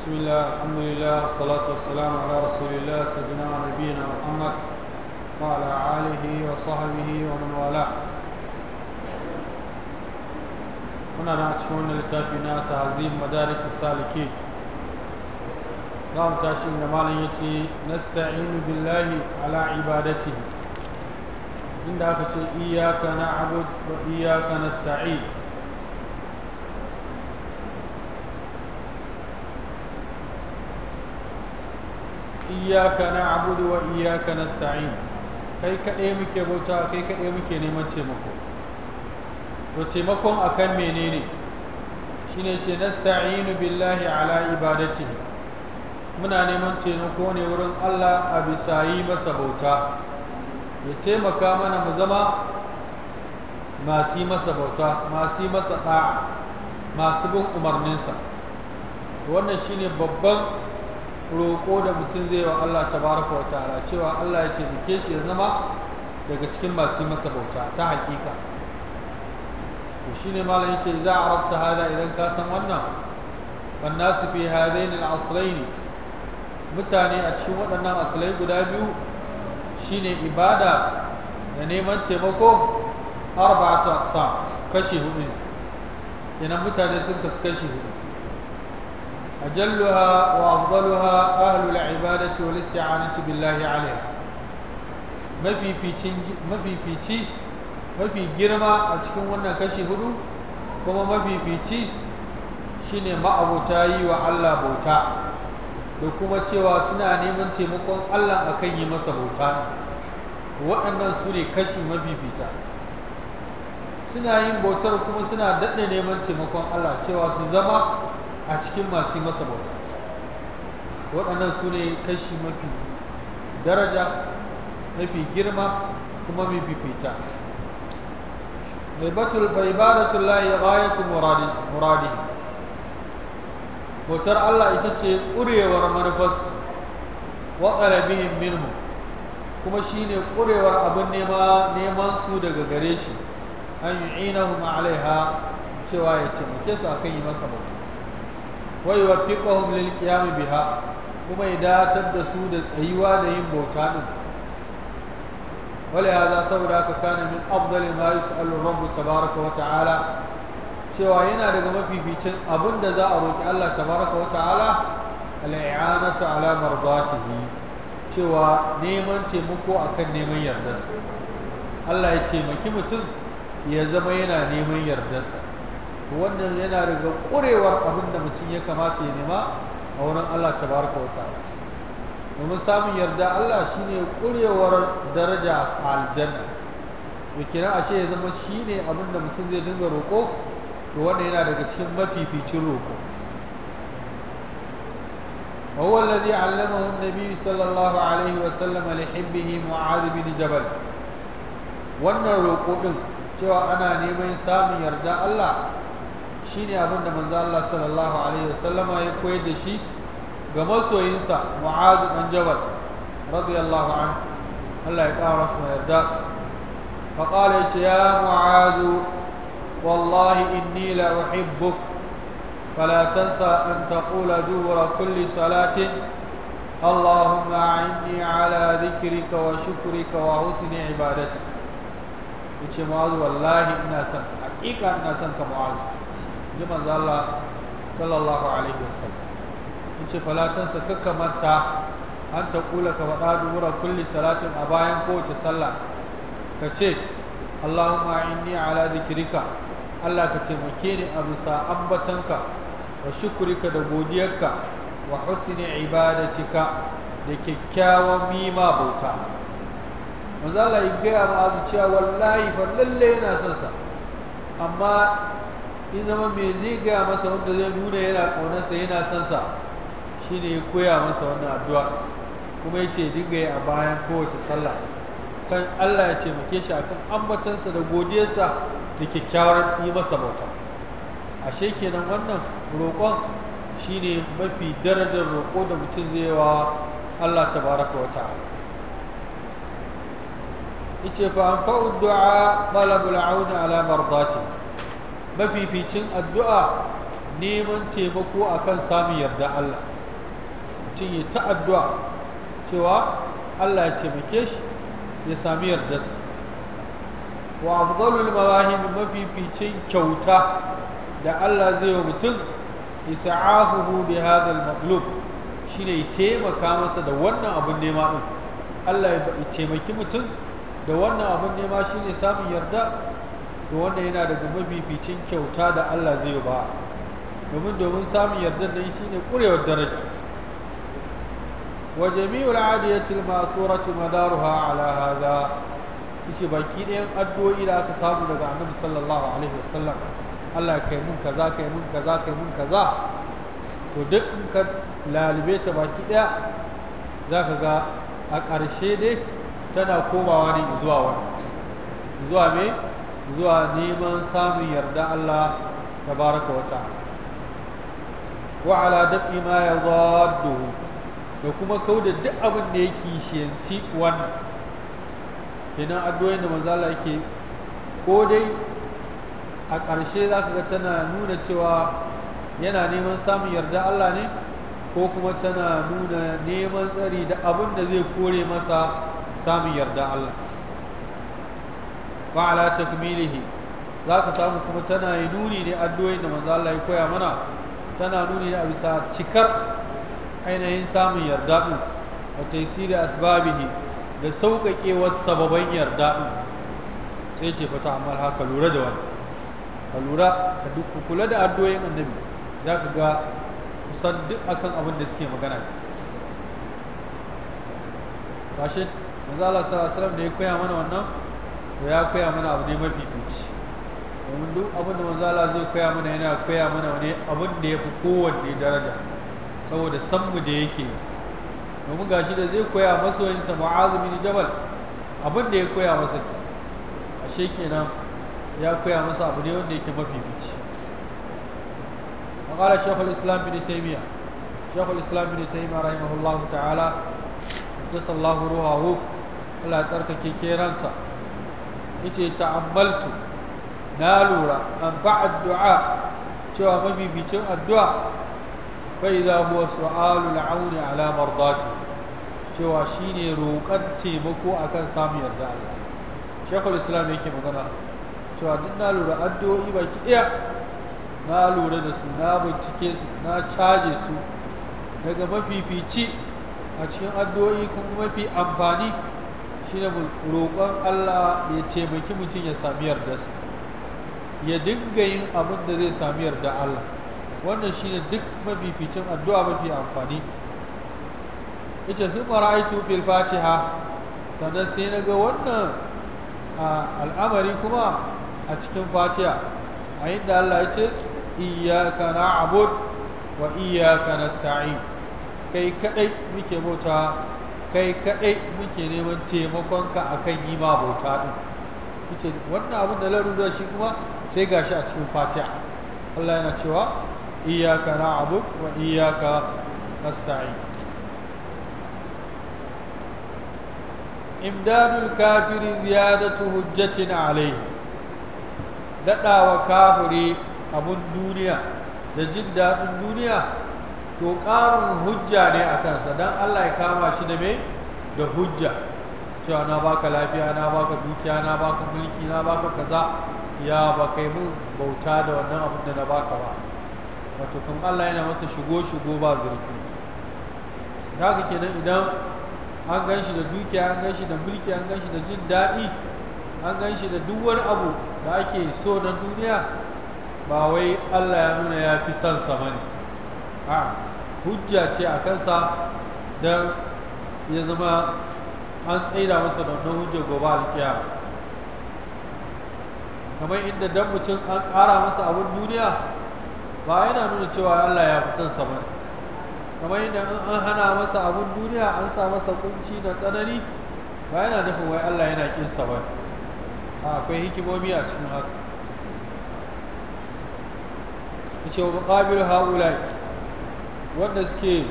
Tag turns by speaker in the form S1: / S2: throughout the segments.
S1: بسم الله الحمد لله والصلاة والسلام على رسول الله سيدنا ونبينا محمد وعلى آله وصحبه ومن والاه هنا نعشون لتابنا تعزيم مدارك السالكين نعم تاشم جمالا يتي نستعين بالله على عبادته عندك إياك نعبد وإياك نستعين iyyaka na'budu wa iyyaka nasta'in kai kaɗai muke bauta kai kaɗe muke neman taimako to taimakon akan menene shine ce nasta'inu billahi ala ibadatihi muna neman taimako ne wurin Allah a bisa yi masa bauta ya taimaka mana mu zama masu yi masa bauta masu yi masa ɗa'a masu bin umarninsa wannan shine babban roƙo da mutum zai wa Allah ta tabaraka wa ta'ala cewa Allah ya taimake shi ya zama daga cikin masu masa bauta ta hakika to shine malam yake za a rabta hada idan ka san wannan wan nasu fi hadain al aslain mutane a cikin waɗannan asalai guda biyu shine ibada da neman taimako arba'atu aqsam kashi hudu ne idan mutane sun kasu kashi hudu أجلها وأفضلها أهل العبادة والاستعانة بالله عليها mafi fici mafi girma a cikin wannan kashi hudu kuma mafi fici shine ma'abuta wa Allah bauta da kuma cewa suna neman taimakon Allah akan yi masa bauta waɗannan su ne kashi mafi suna yin botar kuma suna daɗe neman taimakon Allah cewa su zama a cikin masu masa bauta waɗannan su ne kashi mafi daraja mafi girma kuma mafi fita ribatul bai ba da tullahi ya tun muradi bautar Allah ita ce ƙurewar manufas wa bihin minhu kuma shi ne ƙurewar abin neman su daga gare shi an yi alaiha cewa ya taimake su akan yi masa bauta wa yuwaffiquhum lil qiyam biha kuma ya datar da su da tsayuwa da yin bauta din wala hada saboda haka kana min afdal ma yas'alu rabbu tabaraka wa ta'ala cewa yana daga mafificin abinda da za a roki Allah tabaraka wa ta'ala al-i'anatu ala mardatihi cewa neman taimako akan neman yardarsa Allah ya taimaki mutum ya zama yana neman yardarsa to wannan yana daga ƙurewar abin mutum ya kamata ya nema a wurin Allah tabaraka wa ta'ala domin samun yarda Allah shine ƙurewar daraja a aljanna to kira ashe ya zama shine abin da mutum zai dinga roko to wannan yana daga cikin mafificin roko هو الذي علمه النبي صلى الله عليه وسلم لحبه معاذ بن جبل wannan roƙo din cewa ana neman samun yarda Allah shine abin da manzo Allah sallallahu alaihi wasallama ya koyar da shi ga masoyinsa Mu'az bin Jabal radiyallahu anhu Allah ya ƙara masa yarda fa qala ya Mu'az wallahi inni la uhibbuk فلا تنسى أن تقول دور كل صلاة اللهم أعني على ذكرك وشكرك وحسن عبادتك yace ma'azu wallahi ina son hakika ina son ka ma'azu ji manzo sallallahu alaihi wasallam yace falatan sa kakka manta an ta kula ka faɗa dubura kulli salatin a bayan kowace sallah ka ce Allahumma inni ala zikrika Allah ka taimake ni a bisa ambatanka wa shukurika da godiyarka wa husni ibadatika da kyakkyawan mima bauta manzo Allah ya gaya ma cewa wallahi fa lalle yana son sa amma in zama mai zai gaya masa wanda zai nuna yana ƙaunarsa yana son sa ne ya koya masa wannan addu'a kuma ya ce dinga yi a bayan kowace sallah kan Allah ya taimake shi akan ambatansa da godiyarsa da kyakkyawar yi masa bauta ashe kenan wannan roƙon shi ne mafi darajar roƙo da mutum zai wa Allah ta baraka wata yace fa anfa'u du'a talabul auna ala mardati mafificin addu'a neman taimako akan samun yarda Allah mutum ya ta addu'a cewa Allah ya taimake shi ya sami yardarsa wa afdalul mawahib mafificin kyauta da Allah zai wa mutum isa'ahuhu bi hadha al-maqlub shine ya taimaka masa da wannan abun nema din Allah ya taimaki mutum da wannan abun nema shine samun yarda to wanda yana daga mafificin kyauta da Allah zai ba domin domin samun yardar da shi ne ƙurewar daraja wa jami'ul adiyatil masurati madaruha ala hada yace baki ɗayan addu'o'i da aka samu daga Annabi sallallahu alaihi wasallam Allah ya kai mun kaza kai mun kaza kai mun kaza to duk in ka lalube ta baki ɗaya za ka ga a ƙarshe dai tana komawa ne zuwa wani zuwa me zuwa neman samun yarda Allah tabaraka wa ta'ala wa ala dafi ma yadadduhu da kuma kauda duk abin da yake shiyanci wannan kenan addu'o'in da manzo Allah yake ko dai a ƙarshe za ka ga tana nuna cewa yana neman samun yarda Allah ne ko kuma tana nuna neman tsari da abin da zai kore masa samun yarda Allah ma'ala takmilihi za ka samu kuma tana yi nuni ne addu'o'in da manzo Allah ya koya mana tana nuni ne a bisa cikar ainihin samun yarda din wa taysiri asbabihi da sauƙaƙewar sababan yarda din sai ce fata amma haka lura da wani ka lura ka duk kula da addu'o'in annabi za ka ga kusan duk akan abin da suke magana ce kashin manzo Allah sallallahu alaihi wasallam da ya koya mana wannan to ya koya mana abu ne mafi fici domin duk abin da manzo Allah zai koya mana yana koya mana ne abin da ya fi kowanne daraja saboda sanmu da yake domin gashi da zai koya sa Mu'az bin Jabal abin da ya koya masa ke ashe kenan ya koya masa abu ne wanda yake mafifici وقال شيخ الإسلام بن تيمية شيخ الإسلام بن تيمية رحمه الله تعالى قدس الله روحه الله تركك كيرانسا yace ta'ammaltu na lura an ba'ad du'a cewa mafificin addu'a fa idza huwa su'alul auni ala mardati cewa shine roƙar taimako akan samun yarda Allah shekul islam yake magana cewa duk na lura addu'o'i baki ɗaya na lura da su na bincike su na caje su daga mafifici a cikin addu'o'i kuma mafi amfani shine roƙon Allah ya taimaki mutum ya sami yardarsa ya dinga yin abin da zai sami yarda Allah wannan shine duk mafificin addu'a mafi amfani yace sun yi fil fatiha sannan sai na ga wannan al'amari kuma a cikin fatiha a yadda Allah ya ce iyyaka na'bud wa iyyaka nasta'in kai kadai muke bauta kai kaɗai muke neman taimakonka a kan yi ma bauta ɗin ita wannan abin da da shi kuma sai ga shi a cikin fatiha Allah yana cewa iyaka na'budu wa iyaka nasta'in إمداد ziyadatu hujjatin حجة dadawa kafiri abun duniya da jin dadin duniya. to ƙarin hujja ne a kansa don Allah ya kama shi da mai da hujja cewa na baka lafiya na baka dukiya na baka mulki na baka kaza ya ba kai mun bauta da wannan abin da na baka ba wato kun Allah yana masa shigo shigo ba zurfi haka kenan idan an gan shi da dukiya an gan shi da mulki an gan shi da jin daɗi an gan shi da duk wani abu da ake so na duniya ba wai Allah ya nuna ya fi son sa bane a hujja ce a kansa don ya zama an tsaida masa da wannan hujjar gobe alkiya kamar inda don mutum an ƙara masa abin duniya ba yana nuna cewa Allah ya fi son samar. kamar inda an hana masa abin duniya an sa masa kunci da tsanani ba yana nufin wai Allah yana kin samar. ba akwai hikimomi a cikin haka ce wa muqabilu haula'i wanda suke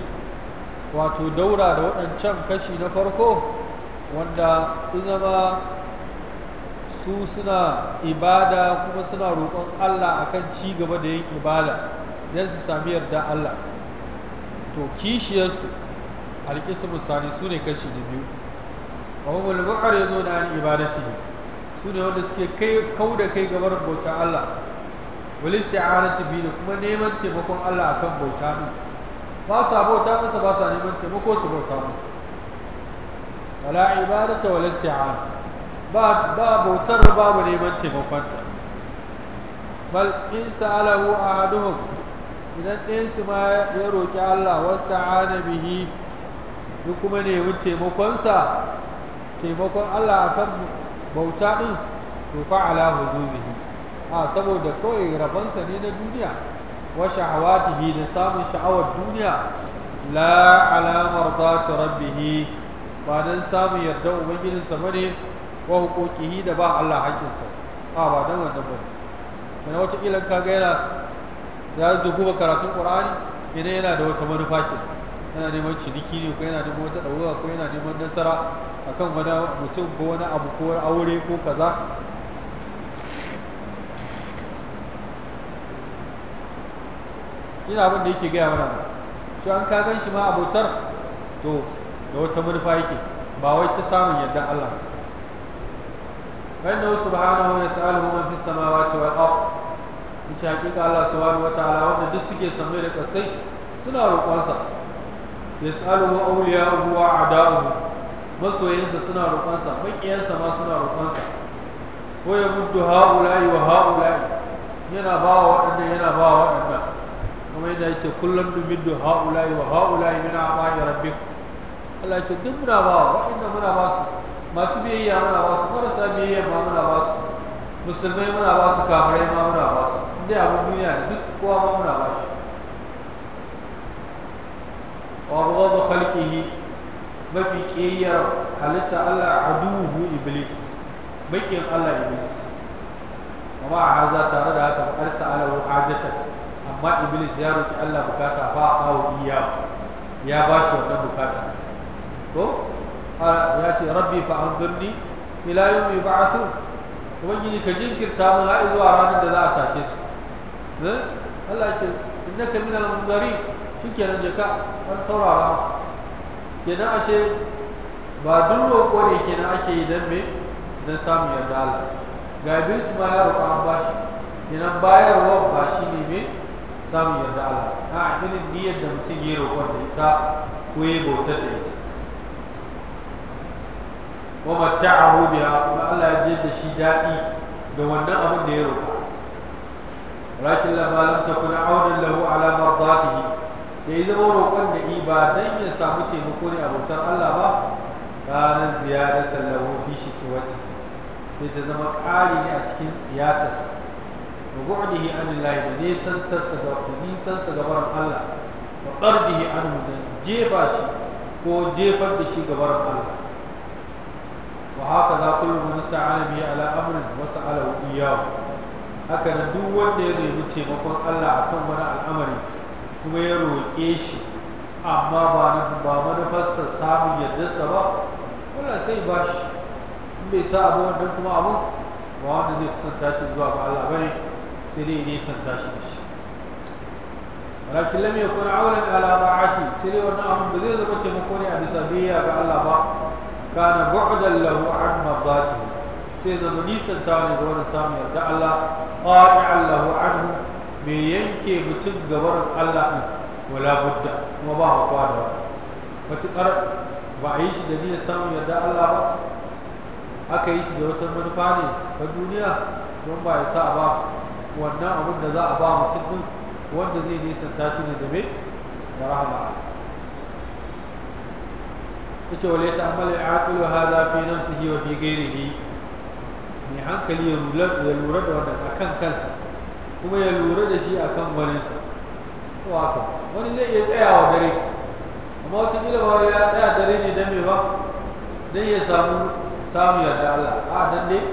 S1: wato daura da waɗancan kashi na farko wanda su zama su suna ibada kuma suna roƙon Allah akan ci gaba da yin ibada don su sami yarda Allah to kishiyarsu alƙismu sani su ne kashi na biyu amma mulmu'ar ya zo da an ibadati su ne wanda suke kai kau da kai gabar bauta Allah wal isti'anati bi da kuma neman taimakon Allah akan bauta ne ba sa bauta masa ba sa neman taimako su bauta masa wala ibadata wala isti'ana ba ba bautar babu neman taimakonta bal in sa'alahu ahaduhum idan ɗayan su ma ya roƙi Allah wasta'ana bihi duk kuma ne taimakonsa taimakon Allah akan bauta din to fa ala huzuzihi a saboda kai rabansa ne na duniya wa shahawatihi da samun sha'awar duniya la alamar zata rabbihi ba don samun yarda ubangijinsa ba ne wa hukukihi da ba Allah haƙƙinsa a ba don wannan ba ne wata ilan ka yana za su karatun ƙur'ani idan yana da wata manufa ke yana neman ciniki ne ko yana neman wata ɗaura ko yana nasara akan mutum wani abu ko aure ko kaza ina abin da yake gaya mana shi an kagan shi ma abotar to da wata manufa yake ba wai ta samun yadda Allah wasu, فإنه سبحانه fi من في السماوات والأرض in ci hakika Allah subhanahu wa ta'ala wanda duk suke same da kasai suna roƙonsa yas'aluhu awliya'uhu wa a'da'uhu masoyansa suna roƙonsa maƙiyansa ma suna roƙonsa ko ya muddu ha'ula'i wa ha'ula'i yana ba wa waɗanda yana ba wa waɗanda kamar yadda yake kullum numiddu ha'ula'i wa ha'ula'i min a'ma'i rabbi? Allah ya ce duk muna ba wa? waɗanda muna ba su masu biyayya muna ba su marasa biyayya ma muna ba su musulmai muna ba su kafirai ma muna ba su inda abin duniya duk kowa ma muna ba shi wa ghadab khalqihi mafi kiyayyar halitta Allah aduhu iblis bakin Allah iblis amma a haza tare da haka fa arsa alahu hajatan amma iblis ya roki Allah bukata fa bawo iya ya ba shi wannan bukata ko ya ce rabbi fa anzurni ila yawmi yub'athu ubangiji ka jinkirta mu har zuwa ranar da za a tashe su eh? Allah ya ce innaka al munzari shikenan je jaka an saurara kenan ashe ba duk roƙo ne kenan ake yi dan me dan samu yarda Allah ga iblis ma ya roƙa an bashi kenan bayarwa ba shi ne me samun yarda Allah a irin niyyar da mutum ya roƙon da ita ko ya bautar da ita wa a biha kuma Allah ya ji da shi daɗi da wannan abin da ya roƙa walakin labarin lam takun auren lahu ala mardatihi da ya zama roƙon da yi ba dan ya samu taimako ne a bautar Allah ba ranar ziyaratan lahu fi shi sai ta zama ƙari ne a cikin siyatarsa وبعده عن الله بنيسان تسغى بنيسان سغبر الله وقربه عن جيبا شي كو جيبا بشي غبر الله وهكذا كل من استعان به على امر وساله اياه haka nan duk wanda ya nemi taimakon Allah a kan wani al'amari kuma ya roƙe shi amma ba ba manufarsa samun yardarsa ba Allah sai ba shi bai sa abu wannan kuma abu ba wanda zai kusanta shi zuwa ga Allah bane sai dai nisanta shi da shi walakin lam yakun aulan ala ba'ati sai dai wannan abu ba zai zama taimako ne a bisa biyya ga Allah ba kana bu'dan lahu an mabati sai zama nisanta ne ga wani samun yarda Allah qati'an lahu anhu me yanke mutum gabar Allah din wala budda kuma ba hakuwa da matuƙar ba a yi shi da niyyar samun yarda Allah ba aka yi shi da wata manufa ne ta duniya don ba ya sa ba wannan abin da za a ba mutum din wanda zai nisanta shi ne da me da rahama yace wala ya ta'ammal al-aqilu hadha fi nafsihi wa fi ghairihi mai hankali ya lura da wannan akan kansa kuma ya lura da shi akan waninsa ko haka wani zai iya tsaya wa dare amma wata kila ba ya tsaya dare ne dan mai ba dan ya samu samu yarda Allah a dan dai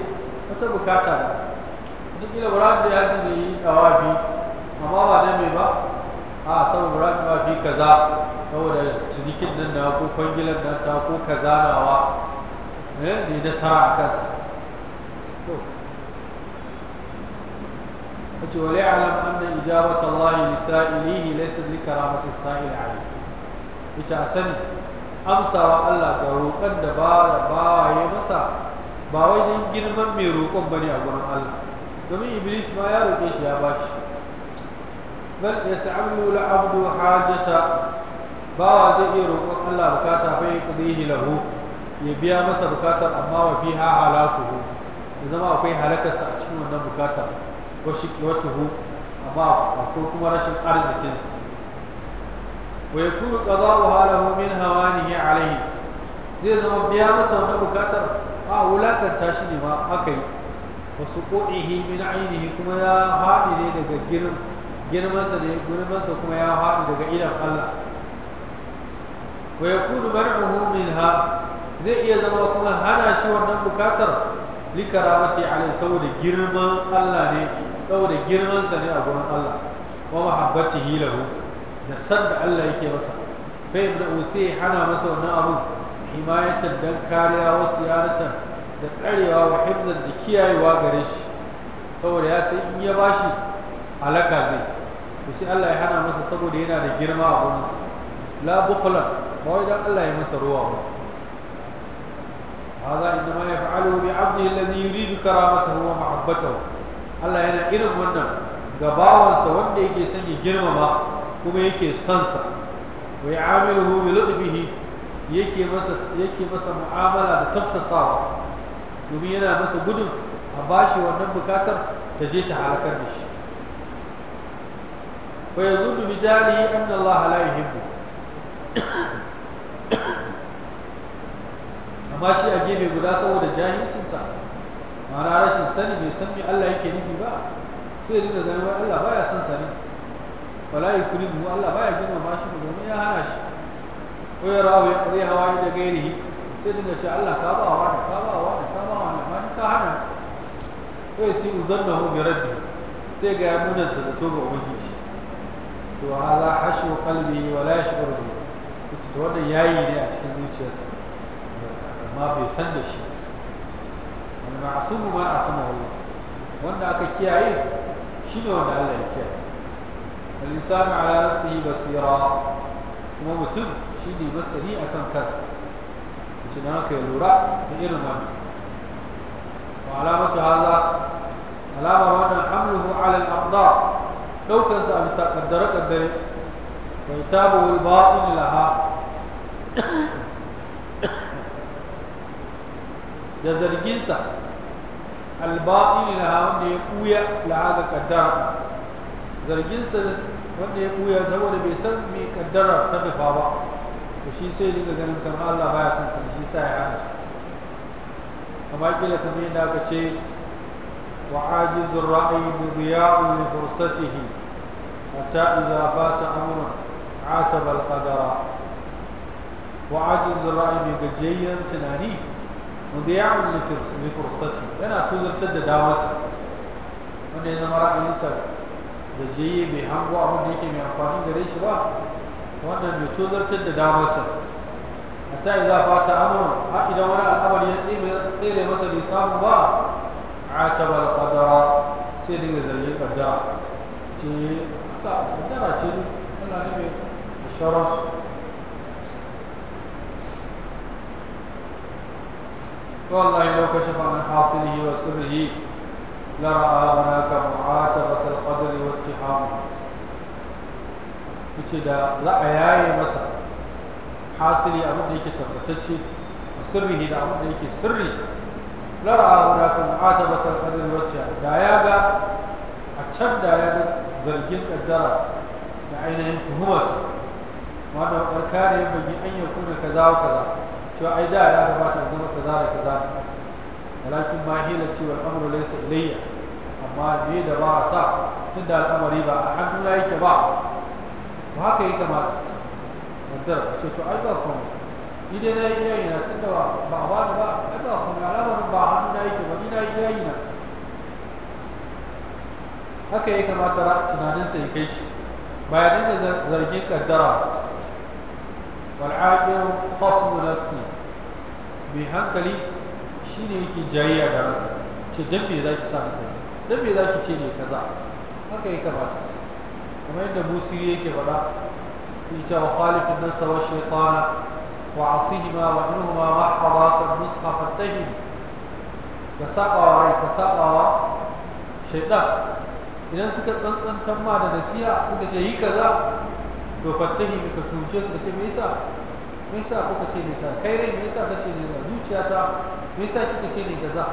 S1: wata bukata wataƙila ba za ta yaji da yi tawafi amma ba da mai ba a saboda ba ta kaza saboda cinikin nan da ko kwangilan nan ta ko kaza nawa ne eh, da sara a kansa kace wa la'alam anna ijabata Allah li sa'ilihi laysa li karamati sa'il alayhi kace a sani wa Allah ga roƙon da ba ba ya masa ba wai dan girman mai roƙon ba ne a gurin Allah domin iblis ma ya roƙe shi ya bashi bal yasta'malu al-abdu hajata bawa zai iya roƙon Allah bukata fa yaqdihi lahu ya biya masa bukatar amma wa fiha halakuhu ya zama akwai halakarsa a cikin wannan bukatar wa shiqwatuhu amma akwai kuma rashin arzikinsa wa yakunu qada'uha lahu min hawanihi alayhi zai zama biya masa wannan bukatar a wulakanta shi ne ma aka yi wasu ƙo'ihi min ainihi kuma ya haɗi ne daga girmansa ne girmansa kuma ya haɗi daga idan Allah wa yakunu mar'uhu minha zai iya zama kuma hana shi wannan bukatar likaramati alai saboda girman Allah ne saboda girmansa ne a gurin Allah wa mahabbatihi lahu da sanda Allah yake masa fa da usi hana masa wannan abu himayatan dan kariya wasu yaratan da tsarewa wa hifzan da kiyayewa gare shi saboda ya san in ya bashi halaka zai to sai Allah ya hana masa saboda yana da girma a gurinsa la bukhla ba wai dan Allah ya masa ruwa ba hada inda ma yaf'alu bi 'abdihi alladhi yuridu karamatahu wa mahabbatahu Allah yana irin wannan ga bawansa wanda yake son ya girmama kuma yake son sa wa ya'amiluhu bi lutfihi yake masa yake masa mu'amala da tafsasawa domin yana masa gudun a bashi wannan bukatar da je ta halakar da shi fa yazunnu bi jarihi anna Allah la yuhibbu amma shi a gefe guda saboda jahilcinsa ma'ana rashin sani bai san me Allah yake nufi ba sai dinga ganin wai Allah baya son sa yi wala yukrimu Allah baya girmama shi ba domin ya hana shi ko ya rawo ya hawa da gairi sai dinga ce Allah ka wa da ka ka hana wai si zanna hu bi rabbi sai ga ya munan ta zato ga ubangiji to hala hashu qalbi wa la yashuru bi ta to wannan yayi ne a cikin zuciyarsa amma bai san da shi wal a ma wa? wanda aka kiyaye shine wanda Allah ya kiyaye wal insanu ala nafsihi basira kuma mutum shine basiri akan kansa kace na haka ya lura da irin wannan وعلامة هذا علامة وانا حمله على الأقدار لو كان سأبسا قدر قدر ويتابه الباطن لها da zarginsa albaɗin laha wanda ya ɓuya laha kaddara zarginsa wanda ya ɓuya saboda bai san mai kaddara ta nufa ba to shi sai daga ganin kamar Allah baya san shi sa ya hana shi kamar kila kamar yadda ka ce wa ra'ayi ra'yi biya li fursatihi hatta idza fata amrun ataba al-qadara wa ajizur ra'yi mai gajiyayyen tunani mudiya'u li fursatihi yana tuzurtar da damarsa wanda ya zama ra'ayinsa gajiyayye bai hango abin da yake mai amfani gare shi ba wannan bai tuzurtar da damarsa حتى إذا فات أمر إذا وراء الأمر يسير يسير سير مثل إسلام عاتب القدر سير مثل القدر تي القدر تي أنا نبي الشرف والله لو كشف عن حاصله وسره لرأى هناك معاتبة القدر واتهامه. Kita dah, lah ayah yang masak. Hasiri abin da yake tabbatacce a sirrihi da abin da yake sirri lara'a guda kan atabatar kadin wacce da ya ga a can da ya ga zargin kaddara da ainihin tuhumarsa wanda karka ne bai an yi kuna kaza wa kaza cewa ai da ya gabata zama kaza da kaza walakin ma hila cewa al'amuru laisa ilayya amma ne da ba ta tun da al'amari ba a hannun yake ba ba haka ya kamata mutar ce to ai ba kuma idan na yi yayi na tunda ba ba ba ba ai ba kuma alamar ba hannu na yi ba ni na yi yayi na haka ya kamata tunaninsa ya kai shi bayanan da zargin kaddara والعاقل خصم نفسي mai hankali shine yake jayayya da ransa ce dan me zaki sa ni kaza dan me zaki ce ne kaza haka ya kamata kamar yadda busiri yake faɗa إيتا وخالف النفس والشيطان وعصيهما وإنهما محفظات النسخة فتهم كساقا وعي كساقا شيطان إذا سكت أنت أن تم على نسيا سكت هي كذا وفتهم كتوجه سكت ميسا ميسا كتشي نتا خيري ميسا كتشي نتا يوچا تا ميسا كتشي نتا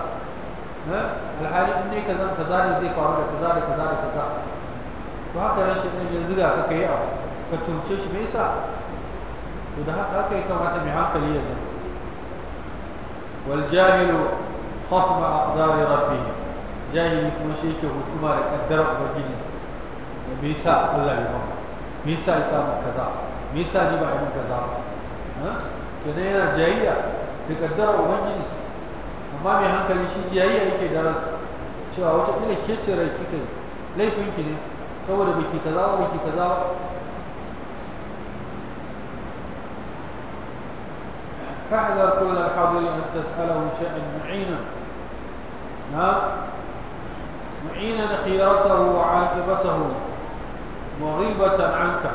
S1: الحالي إني كذا كذا نزي فارغة كذا كذا كذا وهكذا شيطان ينزل على كيئة ka cuce shi mai sa to da haka aka yi kamata mai hankali ya zama wal jahilu khasba aqdari rabbih Jahilu kuma shi yake husuma da kaddarar ubangijinsa da me yasa Allah ya ba me yasa ya samu kaza me yasa ni ba yi kaza ba kenan yana jayayya da kaddarar ubangijinsa amma mai hankali shi jayayya yake da ransa cewa wata kila ke ce rai laifin ki ne saboda biki kaza biki kaza فاحذر كل الحاضرين أن تسأله شيئا معينا نعم معينا خيرته وعاقبته مغيبة عنك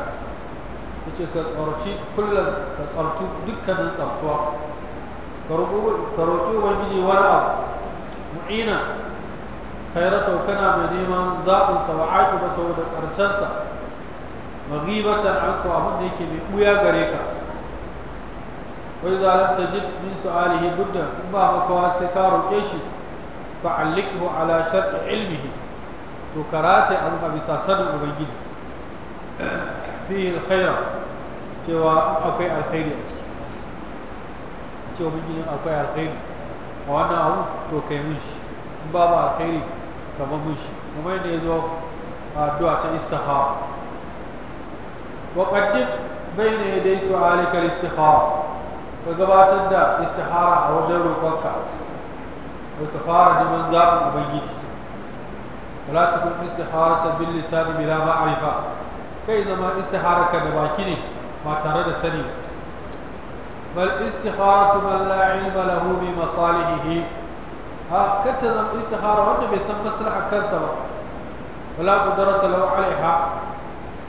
S1: كتأرتي كل كتأرتي دكا نتأرتوا كروتو والجي ولا معينا خيرته كان مديما زاق سواعاته بتودك أرسلسا مغيبة عنك وهم ديكي بيقويا غريكا وإذا لم تجد من سؤاله بدا ما مكوا ستار الجيش فعلقه على شرط علمه وكرات أن أبي ساسد وبنجد فيه الخير توا أقوي الخير توا بنجد أقوي الخير وأنا أو توكيمش بابا الخير كمامش ومن يزو دعاء استخار وقدم بين يدي سؤالك الاستخاره ka gabatar da istihara a wajen roƙonka ko ka fara neman zaɓin ubangiji wala ta kun istihara ta bin lisani bila ma'arifa kai zama istihara ka da baki ne ba tare da sani bal istihara tu man la ilma lahu bi masalihihi ha kanta zama istihara wanda bai san maslaha kansa ba wala qudrata lahu alaiha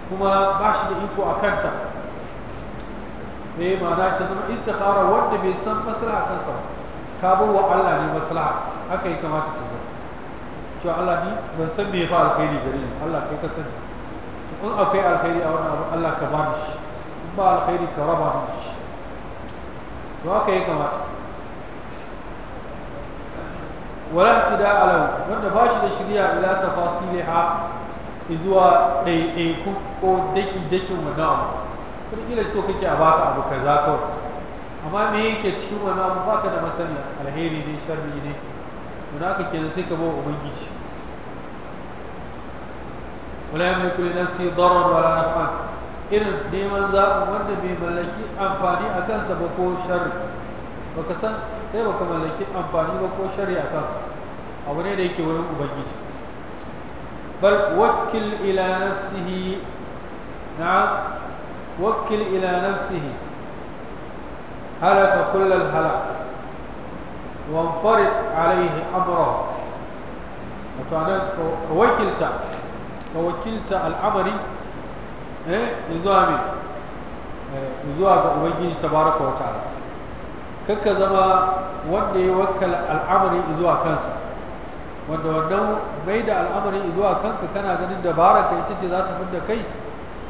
S1: kuma ba shi da iko a kanta eh ma'ana ta zama istikhara wanda bai san maslaha kansa ba ka bar wa Allah ne maslaha haka ya kamata ta zama to Allah ni ban san me ya fa alkhairi gare ni Allah kai ka sani in akwai alkhairi a wannan abu Allah ka bani shi in ba alkhairi ka raba ni shi to haka ya kamata wala tida alau wanda ba shi da shirya ila tafasiliha izuwa ɗaiɗaiku ko daki-dakin wani kila so kake a baka abu kaza ko amma me yake ciwo na mu baka da masani alheri ne sharri ne don ka ke sai ka bo ubangiji wala yamliku li nafsi darar wala naf'a irin neman zaɓin wanda bai mallaki amfani a kansa ba ko sharri ka san sai ka mallaki amfani ba ko sharri a kan abu ne da yake wurin ubangiji bal wakil ila nafsihi na'am وكل إلى نفسه هلك كل الهلاك وانفرد عليه أمره وكلت وكلت الأمر إيه؟ نظامي إيه؟ نظام أبيجي تبارك وتعالى ككزما ودي وكل الأمر إذوا كنسا ودو أنه ميد الأمر إذوا كنك كان أغنين دبارك إتجي ذات مدى كي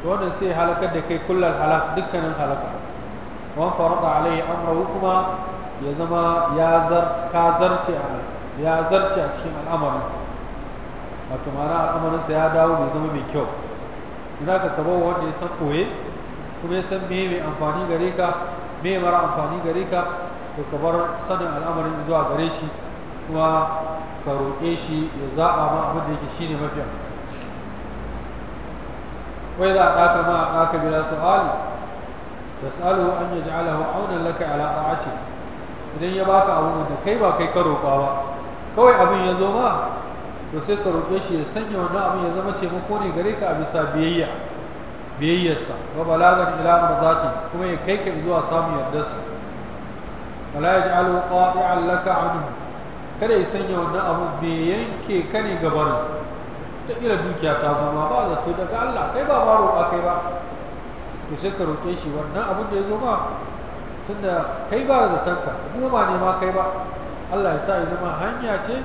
S1: to wannan sai halakar da kai kullal halak dukkanin halaka wan farada alai amrahu kuma ya zama ya zarce a ya zarce a cikin al'amarinsa wato ma'ana al'amarinsa ya dawo mai zama mai kyau ina ka kaba wanda ya san koye kuma ya san mai amfani gare ka mai mara amfani gare ka to ka bar sanin al'amarin zuwa gare shi kuma ka roƙe shi ya zaɓa ma abin da yake shine mafi amfani وإذا أعطاك ما أعطاك بلا سؤال تسأله أن يجعله عونا لك على طاعته idan ya baka abun da kai ba kai ka roƙa ba kawai abin ya zo ma to sai ka roƙe shi ya sanya wannan abin ya zama taimako ne gare ka a bisa biyayya biyayyarsa wa balagan ila marzati kuma ya kai ka zuwa samun yardarsa wala yaj'alu qati'an laka anhu kada ya sanya wannan abu bai yanke kani ne gabarinsa ta kila dukiya ta zama ba ba zato daga Allah kai ba ba roƙa kai ba to sai ka roƙe shi wannan abin da ya zo ma tunda kai ba da ka kuma ba ne ma kai ba Allah ya sa ya zama hanya ce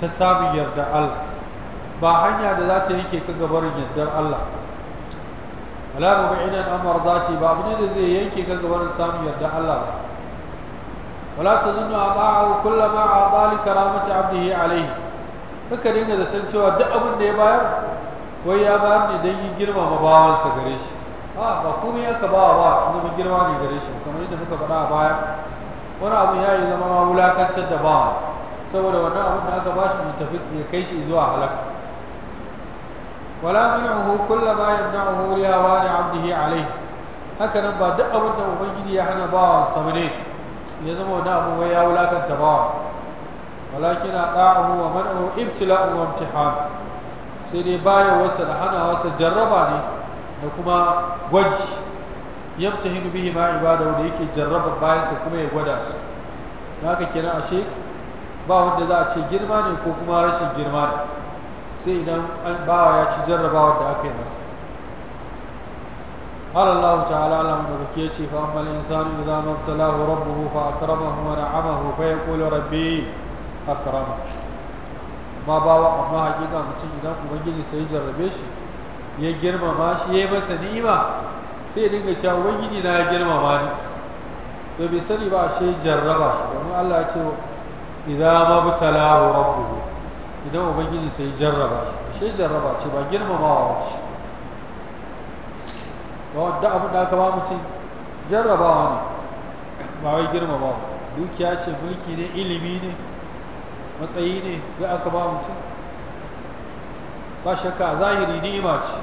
S1: ta samun yardar Allah ba hanya da za ta yanke ka gabarin yardar Allah ala rubi'inan amar zati ba abu ne da zai yanke ka gabarin samun yardar Allah ba wala tazunnu a ba'a kullama a bali karamata abdihi alaihi muka dinga zaton cewa duk abin da ya bayar wai ya bayar ne don yin girmama bawansa gare shi a ba komai aka ba ba zama girma ne gare shi kamar yadda muka faɗa a baya wani abu ya yi zama ma wulakantar da bawa saboda wannan abin da aka bashi mu tafi ya kai shi zuwa halaka wala minhu kullu ma yamna'uhu riyawani 'abdihi alayhi haka nan ba duk abin da ubangiji ya hana bawansa bane ya zama wani abu wai ya wulakanta bawa walakin da'ahu wa man'ahu ibtila'u wa imtihan sai dai bayan wasa da hana wasa jarraba ne da kuma gwaji yamtahin bihi ma ibadahu da yake jarraba bayan sa kuma ya gwada su haka kenan ashe ba wanda za a girma ne ko kuma rashin girma ne sai idan an bawa ya ci jarrabawar da aka yi masa قال الله تعالى لهم بكيتي فأما الإنسان إذا ما ابتلاه ربه فأكرمه ونعمه فيقول ربي akrama amma bawa amma hakika mutum idan ubangiji sai jarrabe shi ya girmama shi ya yi masa ni'ima sai ya dinga cewa ubangiji na ya girmama ni to bai sani ba ashe jarraba shi domin Allah ya ce idan mabtalahu rabbuhu idan ubangiji sai jarraba shi ashe jarraba ce ba girmamawa ba shi, ba wanda abu da aka ba mutum jarrabawa ne ba wai girmamawa dukiya ce mulki ne ilimi ne matsayi ne da aka ba mutum ba shakka zahiri ni'ima ce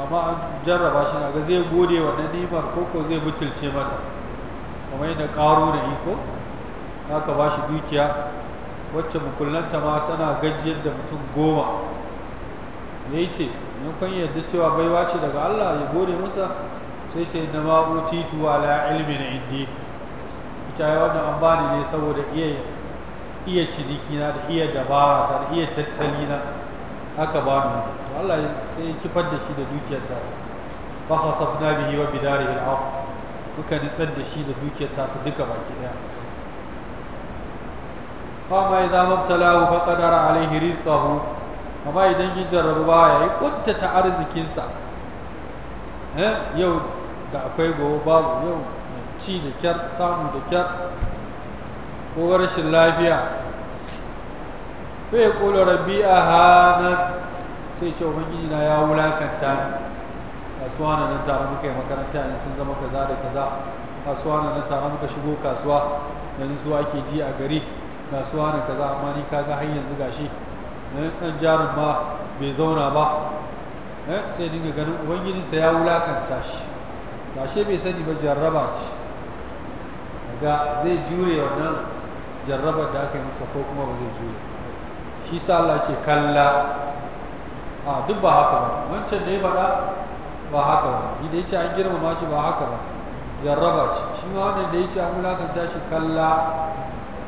S1: amma an jarraba shi na ga zai gode wa ni'imar ko ko zai mutulce mata kamar yadda karo da iko aka ba shi dukiya wacce mukullanta ma tana gajiyar da mutum goma ya yi ce kun yadda cewa baiwa ce daga Allah ya gode masa sai ce na ma'utitu ilmi na indi ita yi wannan an bani ne saboda iya iya ciniki na da iya dabara ta da iya tattali na aka ba mu to Allah sai ya kifar da shi da dukiyar tasa fa khasafna bihi wa bidarihi al aq muka nisar da shi da dukiyar tasa duka baki daya fa ma idza mabtalahu fa qadara alayhi rizqahu amma idan yi ya yayi kuntata arzikinsa eh yau da akwai gobe babu yau ci da kyar samu da kyar ko rashin lafiya sai bai kula rabbi a hannun sai ce ubangiji na ya wulakanta kasuwa na nan tare muka yi makaranta yanzu sun zama kaza da kaza kasuwa na nan tare muka shigo kasuwa yanzu su ake ji a gari kasuwa na kaza amma ni kaga har yanzu gashi eh, ɗan jarin ba bai zauna ba eh, sai dinga ganin ubangiji ubangijinsa ya wulakanta shi ba shi bai sani ba jarraba shi ga zai jure wannan jarrabar da aka yi masa ko kuma ba zai jure shi sa Allah ce kalla a duk ba haka ba wancan da ya faɗa ba haka ba ni da ce an girmama shi ba haka ba jarraba ce shi ma wannan da ce an wulakanta shi kalla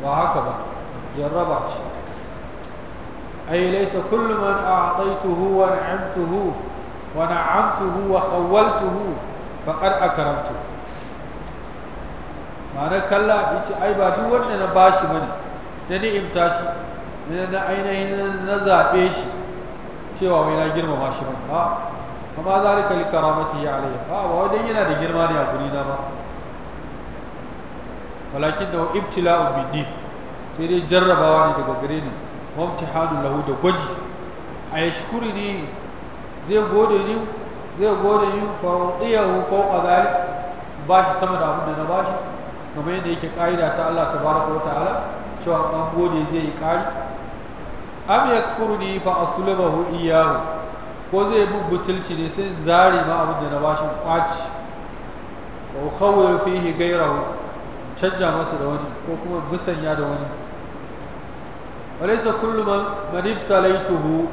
S1: ba haka ba jarraba ce ai laysa kullu man a'taytuhu wa an'amtuhu wa na'amtuhu wa khawwaltuhu faqad akramtuhu ma'anar kalla ya ce ai ba duk wanda na bashi bane ni ni'imta shi na ainihin na zaɓe shi cewa wai na girmama shi ba a amma zalika li karamati ya alayya a ba wajen yana da girma ne a guri na ba walakin da ibtila'u minni sai dai jarrabawa ne daga gare ni wa imtihanu lahu da gwaji a shukuri ne zai gode ni zai gode ni fa udiyahu fawqa zalik bashi sama da abin da na bashi kamar yadda yake ƙa'ida ta Allah tabaraka wa ta'ala cewa an gode zai yi ƙari am kurni fa aslubahu iyyahu ko zai bu butulci ne sai zari ma abin da na bashi kwaci wa khawwir fihi ghayrahu canja masa da wani ko kuma bisanya da wani walaysa kullu man manibtalaituhu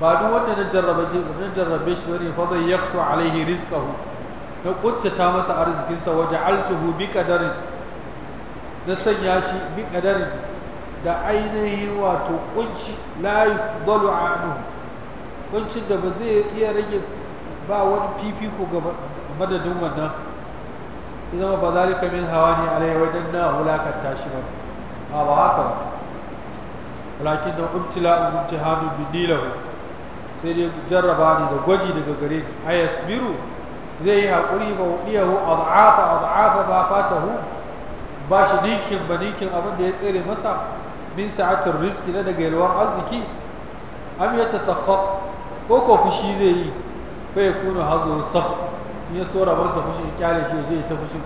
S1: ba duk wanda na jarrabe shi bane fa bai yaktu alaihi rizqahu na kuntata masa arzikinsa waje altuhu bi kadarin na sanya shi bi kadarin da ainihin wato kunci la yufdalu anu kuncin da ba zai iya rage ba wani fifiko ga madadin wannan ya zama ba zalika min hawani alai wajen na hulakanta shi ba ba haka ba lakin da umtila umtihanu bi dilahu sai dai jarraba ne da gwaji daga gare ayasbiru zai yi haƙuri ba hudiyahu ad'afa ad'afa ba hu ba shi dinkin ba dinkin abin da ya tsere masa min sa'atir riski na daga yalwar arziki am yatasakhaf ko ko fushi zai yi ya kuna hazo saf in ya so rabar sa fushi kyale shi zai ta fushi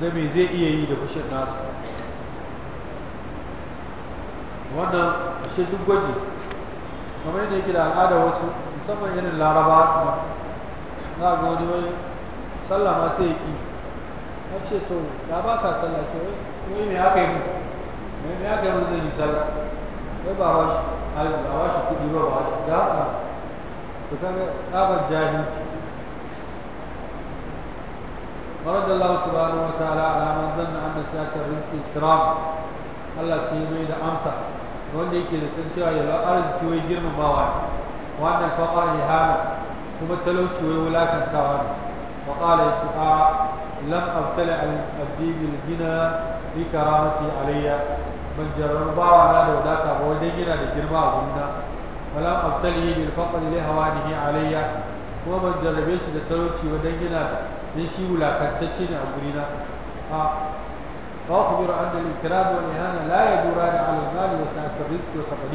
S1: da me zai iya yi da fushin nasa wannan ashe duk gwaji kamar yadda yake da al'ada wasu musamman irin laraba na gode wani sallah ma sai ki ce to da ba ka sallah ke wani me aka yi mu me aka yi mu zai yi sallah wai ba wa shi azu ba wa shi kuɗi ba ba shi ga haka to kaga tsabar jahilci ورد الله سبحانه وتعالى على من ظن riski سياق Allah su yi mai da amsa wanda yake da tun cewa yalwa arziki wai girmamawa wannan ya hana kuma talauci wai wulakantawa ne wa ya ce a lam abtala al abdi gina bi karamati alayya ban jarar bawa na da wadata ba wajen yana da girma a gunna walam abtali bil hawa li hawanihi alayya kuma ban jarrabe shi da talauci wajen gina da shi wulakantacce ne a gurina a وأخبر أن الإكرام والإهانة لا يدوران على المال وسعة ka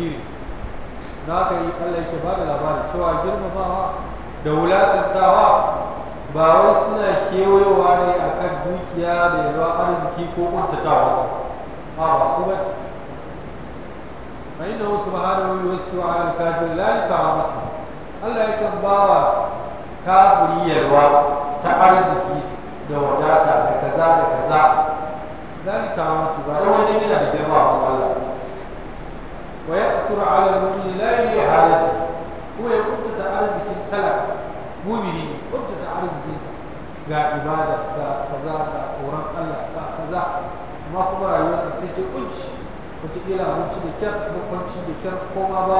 S1: yi Allah قال ba da labarin. شو أجر مضاها da wulaƙantawa ba wai suna kewayowa ne a kan dukiya da yawa arziki ko ƙuntatawa wasu, a ba su ba fa'in da wasu ba hana wani wasu wa ala kafin lalika a mata Allah ya kan ba wa kafin ta arziki da wadata da kaza da kaza lalika a mata ba da wani yana da girma a Allah wa ya ƙatura ala mutum lalika halatu ko ya ƙuntata arzikin talaka mumini ne wacce ta arzikinsa ga ibada ga kaza ga tsoron Allah ga kaza amma kuma rayuwarsa sai ta kunci wataƙila abinci da kyar makwanci da kyar koma ba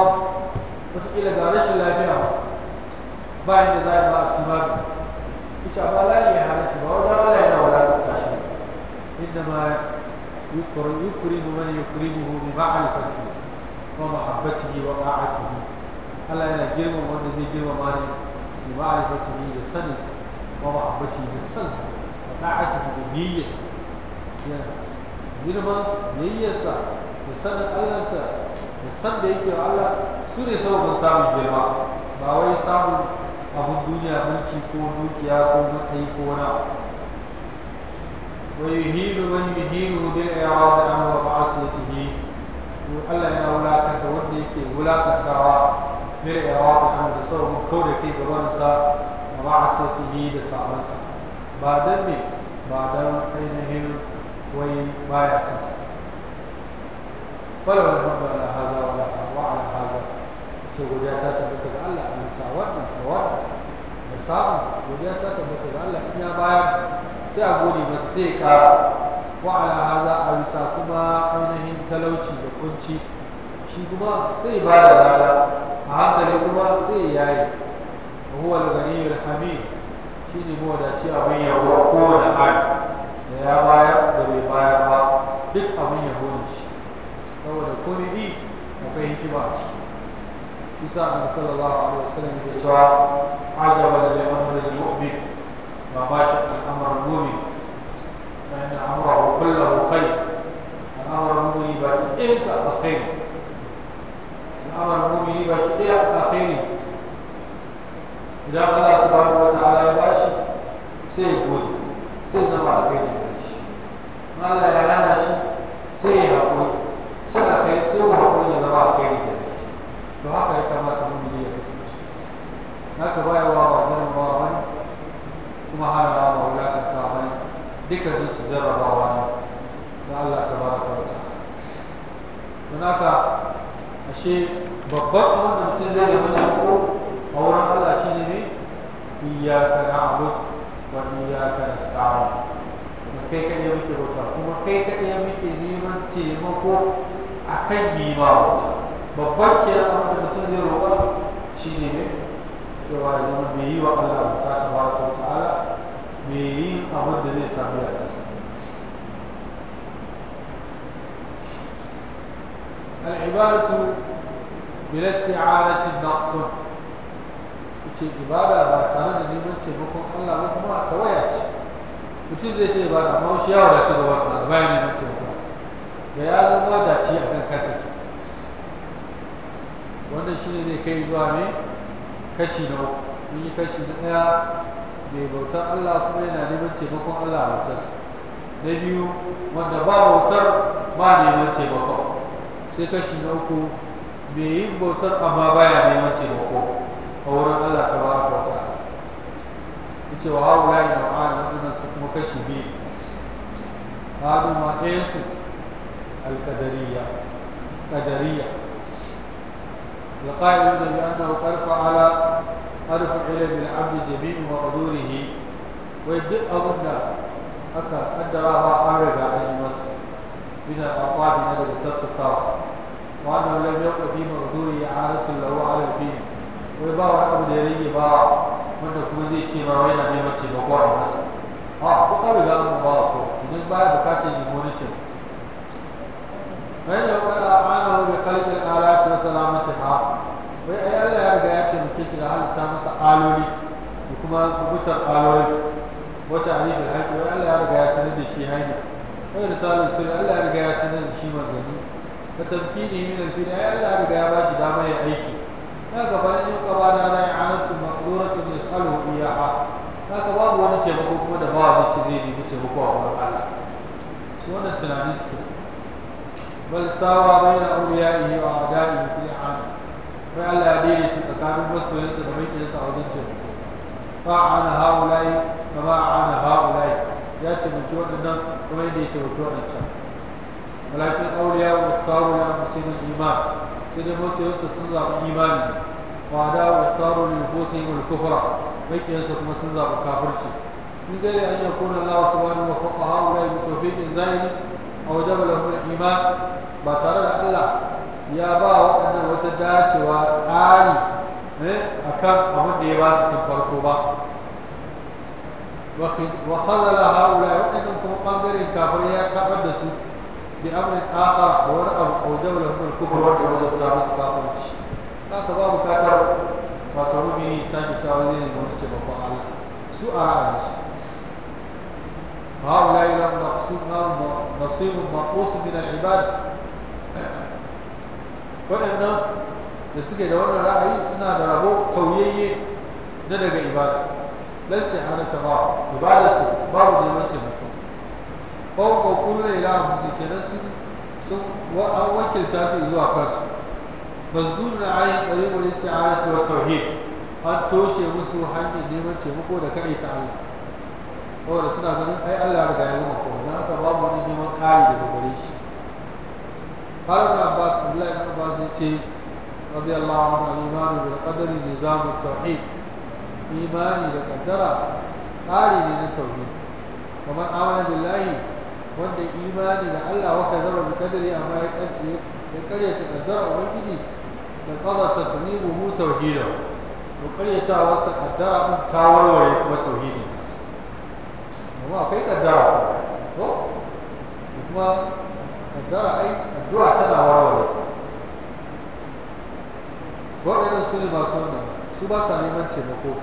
S1: wataƙila ga rashin lafiya ba yadda za a ba a sima ita ba la ya halarci ba wajen Allah yana wadatuka tashi. inda ma yukurimu man yukurimuhu bi ma'alifatihi wa ba a ciki. Allah yana girmama wanda zai girma girmama ne بمعرفته لسنس ومحبته لسنس وطاعته بنيس girman niyyarsa da sanin allansa da san da yake Allah su ne sababin samun girma ba wai samun abin duniya mulki ko dukiya ko matsayi ko wani wa yuhinu man yuhinu bil i'rad an wa ma'asiyatihi to Allah ya da wanda yake wulakantawa mere yawa da da sau mu kore ki da wani sa ba a sa ci da samun sa ba dan me ba dan ainihin wai ba ya sa sa wala wala ba da haza wala wa ala haza to godiya ta tabbata ga Allah an sa wannan tawada da samu godiya ta tabbata ga Allah ina baya sai a gode masa sai ka wa haza an sa kuma ainihin talauci da kunci shi kuma zai ba da rana a hankali kuma sai ya yi huwa al-ghani al-hamid shine mu da ci abin yabo ko da hal da ya baya da bai baya ba duk abin yabo ne shi saboda ni bi akwai hikima a ciki isa annabi sallallahu alaihi cewa ya ce ajaba lil amr al mu'min ma ba'da al amr al mu'min fa inna amrahu kulluhu khair al amr al mu'min ba'da insa al khair amanu bihi baki daya alkhairi idan Allah subhanahu wataala ya bashi sai ya gode sai zama alkhairi gare shi Allah ya hana shi sai ya haƙuri sai alkhairi sai ya haƙuri ya zama alkhairi gare shi to haka ya kamata mu ya kasance haka baya wa jarrabawa ne da Allah ashe babban abin da mutum zai nemi sako a wurin Allah shi ne iyaka na abu wa iyaka na sa'awa kuma kai yi muke bauta kuma kai kaɗai muke neman taimako a kan nima wata babban kenan abin da mutum zai roƙa shi ne mai cewa ya zama mai yi wa Allah bukata ba ta'ala mai yi abu da zai sami yadda al'ibadatu bila isti'anati naqs ce ibada ba tare da neman taimakon Allah ba kuma a tawaya ce mutum zai ce ibada amma shi yawa dace da wannan bayan neman taimakon sa da ya zama dace a kan kasa wannan shi ne kai zuwa ne kashi na ɗaya mai bautar Allah kuma yana neman taimakon Allah a bautarsa na biyu wanda ba bautar ba neman taimakon sai ta shi na uku bai yi bautar amma baya neman taimako a wurin Allah ta bara bauta ya ce wa haula ya ma'ana wannan su kuma kashi biyu hadu ma ɗayan su alqadariyya qadariyya القائل بأنه قد فعل أرفع إلى العبد جميع مقدوره ويدق أظن أكا أدراها أرجع أن يمسك من الأطعام هذا التفسير وأنه لم يبقى في مقدوره إعادة له على الدين ويبقى ya ديري باع wanda kuma zai ce ma yana neman taimako a masa a ko ka riga an ba ko idan baya bukatar yi monitor bayan da kada ana wa kalkal alati wa salamati ha wai ai Allah ya riga ya taimake shi da halitta masa aloli da kuma kubutar aloli wata hanyar da wai Allah ya da shi wai Allah ya da shi fa tamkini min al bid'a ya Allah da ya bashi dama ya aiki kaga ba in ka ba da rai anatu maqduratun Ya iyaha kaga babu wani taimako kuma da bawa zai ce zai nemi taimako a wurin Allah su wannan tunanin su bal sawa bayna awliya'ihi wa a'da'ihi fil amal sai Allah ya daidaita tsakanin masoyansa da makiyansa a wajen taimako fa'ana haulai kama ana haulai ya ce taimaki waɗannan kuma yadda ya taimaki waɗancan walakin auliya wa tsaru la musulun iman sai dai masoyansa sun zaɓi imani wa da wa tsaru ne ko sai wal kufra makiyansa kuma sun zaɓi kafirci in dai da an yi kuna Allah subhanahu wa faqa haula bi tawfiqin zahiri aw jaba lahu iman ba tare da ya ba waɗannan wata dacewa tsari eh, akan abin da ya ba tun farko ba وخذل هؤلاء وإنكم قابلين كافر يا كافر دسو بأمر آخر أو أو دولة من الكفر والعروض التعرس كافرش لا تباب كاتر فترمي سامي شاولين المنجة بفعل سؤال هؤلاء لهم نصيب منقوص من العباد waɗannan da suke da wannan ra'ayi suna da rabo tauyayye na daga ibada lasta hana ta ba ibada su babu neman taimako فوق كل إلى أنفسك نسل وأوكل تاسي إذو أفرس مزدون عليه قريب الاستعالة والتوحيد أن توشي مسلوحا إنما تمكو لك أي تعالى هو رسول الله عليه أي الله رجع يوم أقول هناك باب إنما قائد بقريش قال ابن عباس قبل الله ابن عباس رضي الله عنه الإيمان بالقدر نظام التوحيد إيمان بقدر قائد للتوحيد ومن آمن بالله wanda imani da Allah wa kadara bi kadari amma ya kaddi ya kare ta kadara ubangiji da qada tatmimuhu tauhidahu to kare ta wasa kadara din ta warware kuma tauhidi amma akwai kadara ko kuma kadara ai addu'a tana warware ta waɗannan su ne masu wannan su ba sa neman taimako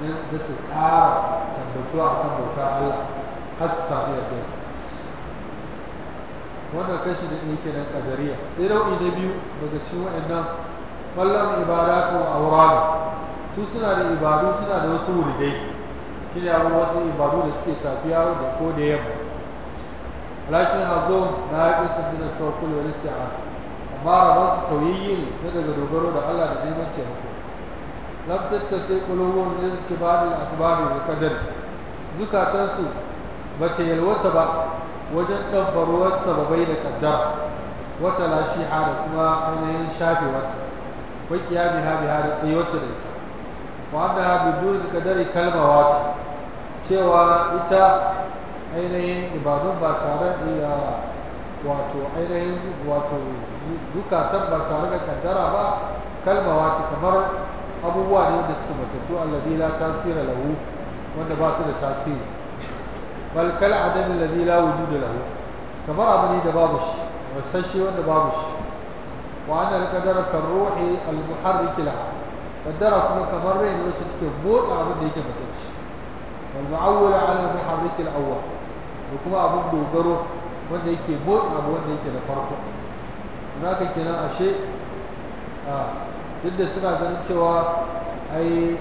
S1: na su ƙara tabbatuwa akan bauta Allah har su sami yadda su wannan kashi da ɗaya nan kadariya sai nau'i na biyu daga cikin waɗannan fallon ibadatu wa auradu su suna da ibadu suna da wasu wuridai shine abin wasu ibadu da suke safiya da ko da yamma lakin hazo na yaƙi su bi da tawakkul wa isti'ana amma rabon su tauyayye ne na daga dogaro da Allah da neman taimako ta tattasi qulubun min kibaril asbab da qadar zukatansu bata yalwata ba wajen ɗabbaruwar sababai da kaddara wata lashiha da kuma ainihin shafe wata wakiya biha biha da wata da ita wa da habidu da kadari kalma wata cewa ita ainihin ibadun ba tare da wato ainihin wato duka ba tare da kaddara ba kalma wata kamar abubuwa ne da suka matattu allabi la tasira lahu wanda ba su da tasiri bal kal adam alladhi la wujud lahu kamar abu ne da babu shi wasashe wanda babu shi wa an al qadara kar ruhi al muharrik laha qaddara kuma kamar rai ne wacce take motsa abin da yake mutunci wal mu'awwal ala al muharrik al awwal da kuma abin dogaro wanda yake motsa abu wanda yake da farko zaka kenan ashe duk da suna ganin cewa ai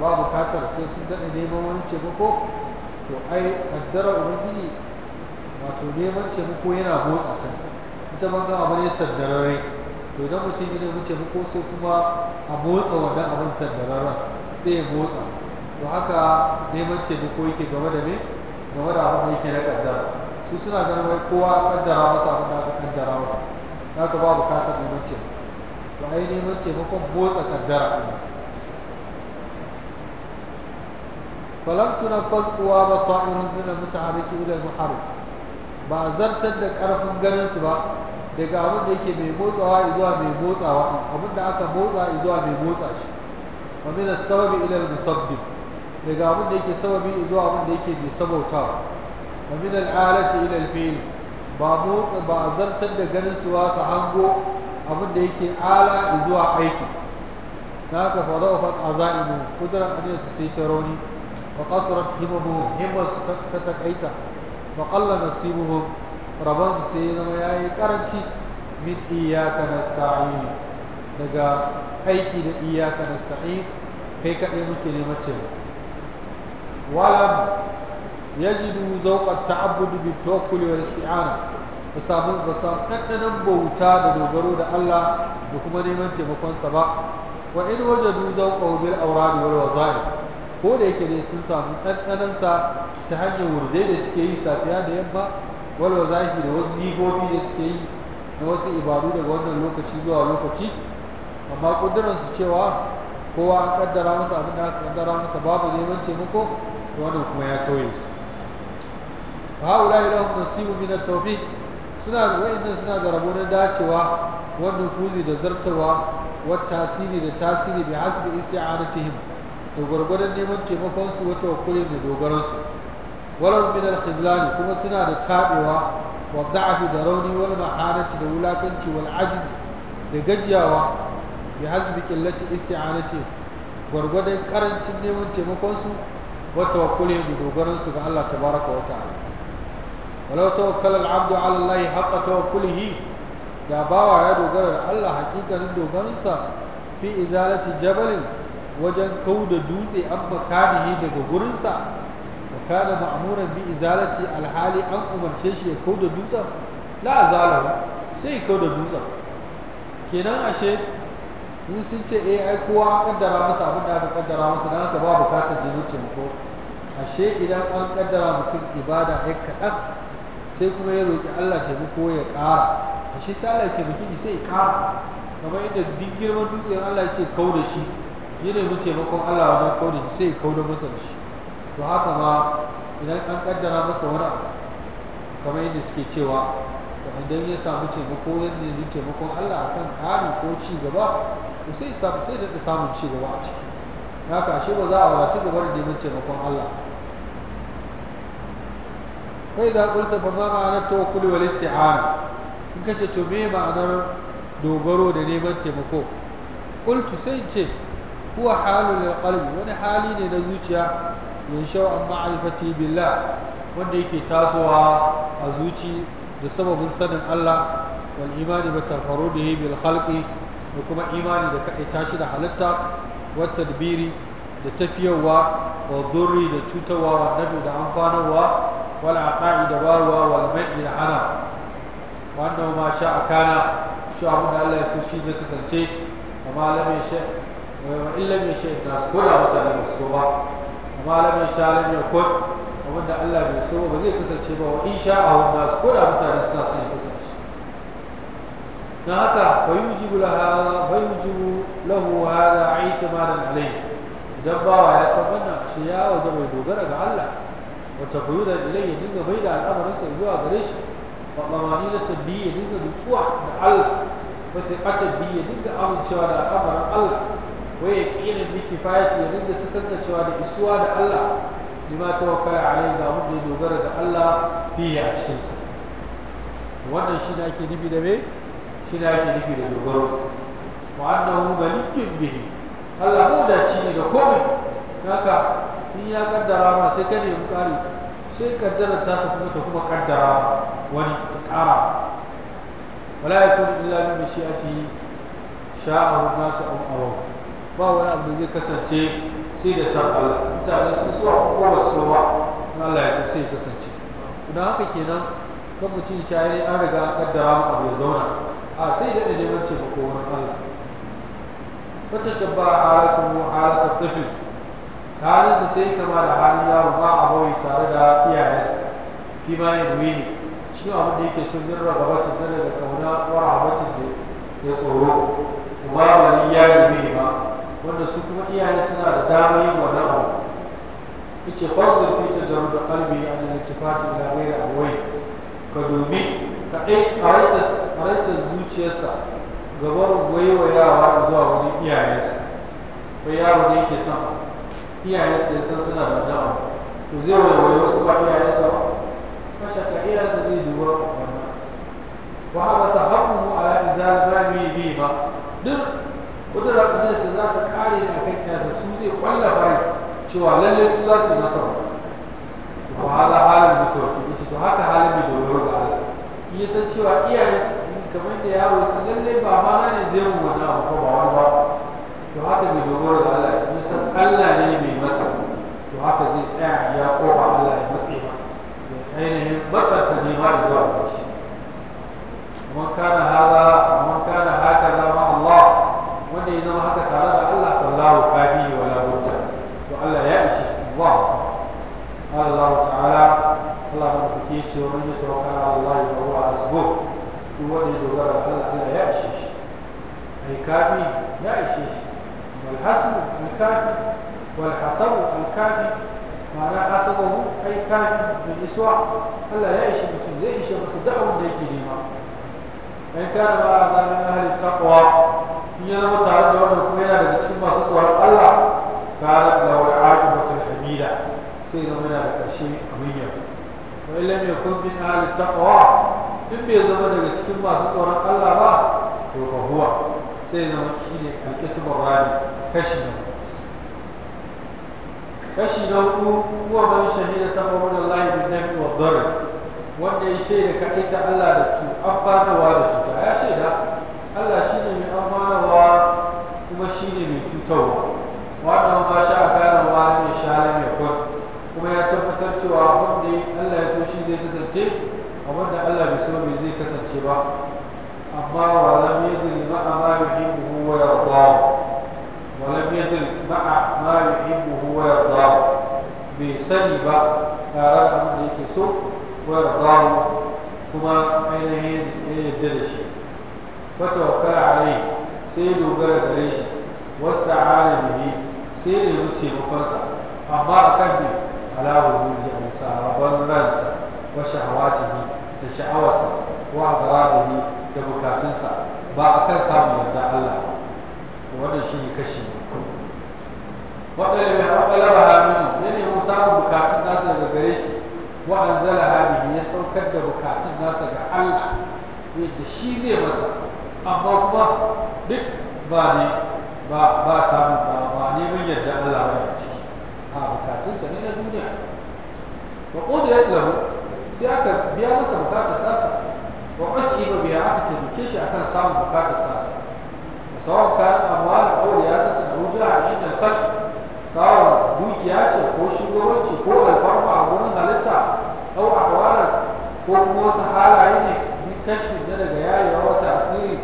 S1: babu katar sai sun daɗa neman wani ko. to ai kaddara ubangiji wato neman taimako yana motsa can ita ma ga abin sandararre to idan mutum ya nemi taimako sai kuma a motsa wannan abin sandararren sai ya motsa to haka neman taimako yake game da me game da abin da yake na kaddara su suna ganin wai kowa kaddara masa abin da aka kaddara masa haka ba bukatar neman taimako to ai neman taimakon motsa kaddara falam tunaffas quwa basairun min al-mutaharrik ila al-muharrik ba zartar da karfin ganin su ba daga abin da yake mai motsawa zuwa mai motsawa abin da aka motsa zuwa mai motsa shi wa min as-sababi ila al-musabbib daga abin da yake sababi zuwa abin da yake mai sabautawa wa min al-alati ila al-fi'l ba motsa ba zartar da ganin su wasu hango abin da yake ala zuwa aiki na haka fa da'afat azaimu kudrar su sai ta rauni وقصرت همه همس تتكيتا وقل نصيبهم ربان سيدنا ياي كرنشي من إياك نستعين daga aiki da iyaka nasta'in kai kaɗai muke neman taimako walam yajidu zawqat ta'abbudu bi tawakkuli wal isti'ana ba samu ba samu ɗanɗanon bauta da dogaro da Allah da kuma neman taimakon sa ba wa in wajadu zawqahu bil awrad wal waza'i ko da yake dai sun samu ɗanɗanansa ta hanyar wurdai da suke yi safiya da yamma walwa zaki da wasu zigobi da suke yi na wasu ibadu daga wannan lokaci zuwa lokaci amma ƙudurarsu cewa kowa an ƙaddara masa abin da aka ƙaddara masa babu neman taimako wannan kuma ya tauye su haula ilahum nasibu min at-tawfiq suna da wa'annan suna da rabo na dacewa wannan kuzi da zartarwa wa tasiri da tasiri bi hasbi isti'anatihim da gwargwadon neman taimakon su wata wakulin da dogaran su walau min al-khizlani kuma suna da tabewa wa da'afi da rauni wal mahanati da wulakanci wal ajiz da gajiyawa bi hasbi qillati isti'anati gwargwadon karancin neman taimakon su wata wakulin da dogaran su ga Allah tabaraka wa ta'ala walau tawakkala al-abdu ala Allah haqqa tawakkulihi da bawa ya dogara da Allah hakikanin dogaransa fi izalati jabalin wajen kau da dutse an makanihi daga gurinsa wa kana ma'amuran bi izalati alhali an umarce shi ya kau da dutsen la azala sai kau da dutsen kenan ashe Mun sun ce eh ai kowa kaddara masa abin da aka kaddara masa dan haka ba bukatar da yake ko ashe idan an kaddara mutum ibada ai kaɗan sai kuma ya roki Allah taimako ya ƙara ashe sai Allah ya taimake sai ya ƙara kamar yadda duk girman dutsen Allah ya ce kau da shi shi ne taimakon Allah wajen kaure shi sai kaure masa da shi to haka ma idan an kaddara masa wani abu kamar yadda suke cewa to idan ya samu taimako ya zai taimakon Allah akan kari ko ci gaba sai samu sai samun cigaba gaba a ciki haka shi ba za a wace gaba da neman taimakon Allah kai da kulta fa ma tokuli tawakkul wal isti'ana in kace to me ma'anar dogaro da neman taimako kultu sai ce huwa halul qalbi wani hali ne na zuciya yanshau an ma'rifati billah wanda yake tasowa a zuci da sababin sanin Allah wal imani bi tafarrudihi bil khalqi da kuma imani da kai tashi da halitta wa tadbiri da tafiyarwa wa durri da cutarwa wa nadu da amfanarwa wal aqa'i da barwa wal mai'i da hana wannan ma sha'a kana cewa abin Allah ya so shi zai kasance amma lamai shi in lam yasha ta ko da mutane ba so ba amma lam yasha lam yakun Allah bai so ba zai kasance ba wa in sha a wanda ko da mutane suna son ya kasance Na haka fa yujibu laha fa yujibu lahu hada da alayhi idan bawa ya san wannan shi ya waje mai dogara ga Allah wata kuyu da ilayhi dinga bai da al'amarinsa zuwa gare shi Ba tsamani da ya dinga nutsuwa da Allah wata ya dinga amincewa da al'amarin Allah Wai ya kinin biki faya ce rinda su tantancewa da isuwa da Allah lima a alai ga mun dogara da Allah fi a cikin sa wannan shi ne ake nufi da me shi ne ake nufi da dogaro wa annahu malikun bihi Allah ko da ci ne ga komai haka in ya kaddara ma sai ka nemi ƙari. sai kaddara ta sa kuma ta kuma kaddara wani ta kara wala yakun illa bi mashi'ati sha'ahu nasu aw awahu ba wani abu da zai kasance sai da san Allah mutane su so ko ba su ba Allah ya so sai kasance idan haka kenan kan mutum ya yi an riga kaddara abu ya zauna a sai da neman taimako wani Allah wata shabba a halatu tafi halinsa sai kama da halin yaro ba a bawai tare da iyayensa fi ma yin wini shi abin da yake sun raba gaba cikin da kauna wara rahabatin da ya tsoro ba wani ya yi ma wanda su kuma iyaye suna da damar yin wannan abu yace fawzul fi tajarrud qalbi an al-iltifat ila ghayri awai ka dubi, ka faranta zuciyarsa gabar waiwayawa zuwa wani iyayensa bai yaro ne yake son iyayensa ya san suna da wannan abu to zai waiwaye wasu ba iyayensa ba mashaka iyayensa zai duba wannan wa haka sa haƙƙu ala izalami bi ba duk kudurar su za ta kare a akan yasa su zai kwallafa cewa lalle su za su masa wa hala halin mutuwa ki to haka halin mai dogaro ga Allah yi san cewa iyayen kamar da yaro su lalle ba ma ne zai mu ba. abu duk wanda ya dogara ga Allah Allah ya ishe shi ai kafi ya ishe shi wal hasbu al kafi wal hasabu al kafi ma'ana hasabahu ai kafi bil iswa Allah ya ishe mutum zai ishe masa da abin da yake nema ai kana ba za min ahli taqwa in ya zama tare da wannan kuma yana daga cikin masu tsoron Allah kana da wal'adu mutul hamida sai zama yana da ƙarshe abin yabo wa illam yakun min ahli taqwa duk bai zama daga cikin masu tsoron Allah ba to fa huwa sai zama ne alqismur rabi kashi na kashi na uku kuwa man shahida taqawwul Allah bin nafi wa dhar wanda ya shaida kaɗai ta Allah da tu abbatawa da cuta ya shaida Allah shine mai amfanawa kuma shine mai cutarwa wannan ba shi sha gane wa ne mai kwan kuma ya tabbatar cewa wanda Allah ya so shi zai kasance kamar da Allah bai so bai zai kasance ba amma wa lam yadil ma'a ma yuhibbu wa yarda wa lam yadil ma'a ma yuhibbu wa yarda bai sani ba tare da abin da yake so wa yarda kuma ainihin yadda da shi fata wa alai sai dogara gare shi wasu ta'ala sai da ya wuce mafansa amma a kan ne ala wazizi a sabon ransa wa shahawatihi da sha'awarsa ko a agarabihi da bukatunsa ba a kan samun yarda Allah wannan shi ne kashi waɗanda mai haɓalaba hannu ya nemi samun bukatun nasa daga gare shi wa an zala hannu ya saukar da bukatun nasa ga Allah yadda shi zai masa amma kuma duk ba ne ba samun ba ba neman yarda Allah ba ciki a bukatunsa ne na duniya Ba ƙudu ya lahu sai aka biya masa bukatar tasa ba masu ba biya aka taimake shi akan samun bukatar tasa sawan kayan amwal aure ya sace abuja a inda fat sawan dukiya ce ko shugabanci ko alfarma a gurin halitta a ahwala ko kuma wasu halaye ne ni kashi da daga yayewa wa tasiri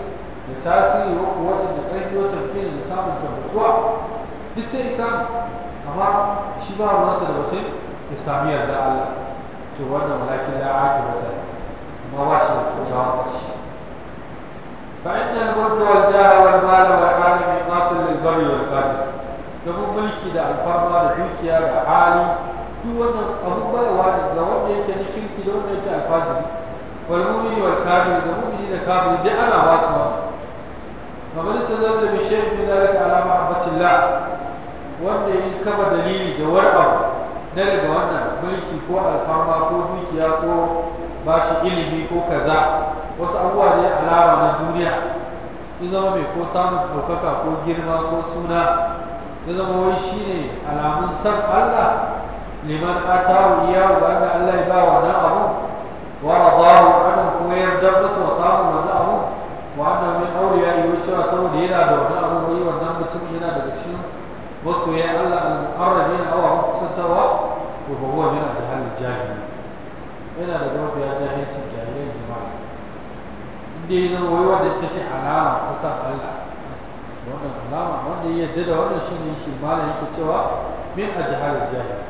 S1: da tasiri wa wacce da ƙarfi wa tafiya da samun tabbatuwa duk sai isa amma shi ba ruwansa da mutum islamiyyar da Allah تولى ولكن لا عاقبة مباشرة تجارة الشيء فإن الملك والجاه والمال والعالم قاتل للبر والفاجر كم ملك إذا الفرما لبيك يا عالي تولى أبوبا وعالي لون ليك نخلك لون ليك الفاجر والمؤمن والكافر والمؤمن إذا كافر دي أنا واسمع فمن استدل بشيء من ذلك على معبة الله وأن يكبر دليلي دور أبو aiki ko alfama ko dukiya ko ba shi ilimi ko kaza wasu abubuwa ne alama na duniya ya zama mai ko samun ɗaukaka ko girma ko suna ya zama wai shi ne alamun san Allah liman atawu iyawu ba ga Allah ya ba wannan abu wa radahu anhu kuma yarda masa wa samun wannan abu wa annahu min ya yi cewa saboda yana da wannan abu wai wannan mutum yana daga cikin masoyan Allah al-muqarrabin aw kusantawa to fa huwa min al-jahl al-jahili yana da zama ya jahilci jahilin jama'a. inda ya zama wai wanda ta ce alama ta san Allah wannan alama wanda ya yarda da wannan shi ne shi malam yake cewa min al jahilin. al-jahili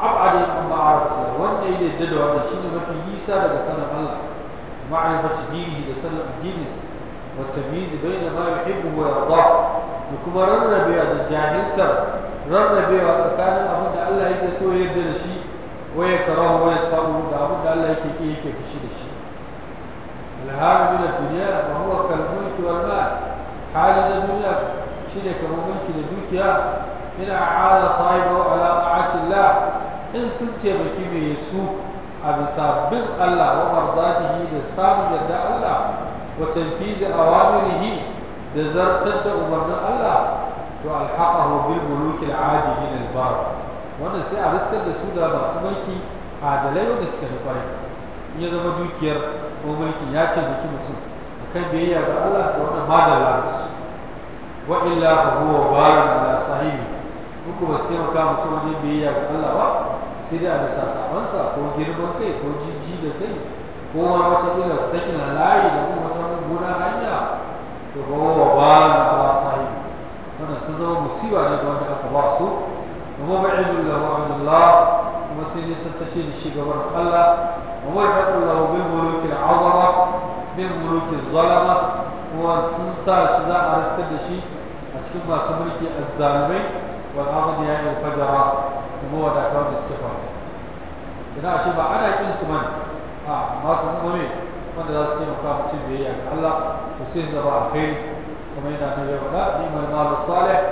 S1: abadi an ma'arifta wanda ya yarda da wannan shi ne mafi nisa daga sanin Allah ma'arifati dinihi da sanin addininsa wa tamyiz bayna ma yuhibbu wa yarda da kuma rarrabe da jahiltar rarrabewa tsakanin abin da Allah yake so yadda da shi wa ya waye wa ya sabu da abin da Allah yake ki yake fushi da shi alharu lillah duniya dunya wa huwa kal wal mal hali da duniya shine kamar mulki da dukiya ina ala sahibu ala Allah in sun taimaki mai su a bisa bin Allah wa mardatihi da samun yarda Allah wa tanfizi awamirihi da zartar da umarnin Allah to alhaqahu bil min al bar wannan sai a riskar da su da masu mulki adalai wanda suka da bai in ya zama dukiyar ko mulkin ya ce mutum mutum akan biyayya ga Allah ta wannan madalla su wa illa fa huwa barun ala sahibi muku ba su taimaka mutum wajen biyayya ga Allah ba sai dai a bisa sabansa ko girman kai ko jijji da kai ko ma wata ila sakin layi da kuma wata gona hanya to ba wa barun ala sahibi wannan sun zama musiba ne da wanda aka ba kuma ba'in lahu an Allah kuma sai ne sun tashi da shi gaban Allah wa ma yaqulu lahu min mulukil azama min mulukil zalama kuma sun sa shi za a raskar da shi a cikin masu mulki azzalumai wal aghdiya al fajara kuma wadatawa da suka fara idan a ce ba ana kin su bane a masu zama wanda za su taimaka mutum biyayya da Allah to sai su zama alkhairi kuma yana mai yau da ni'mal malu salih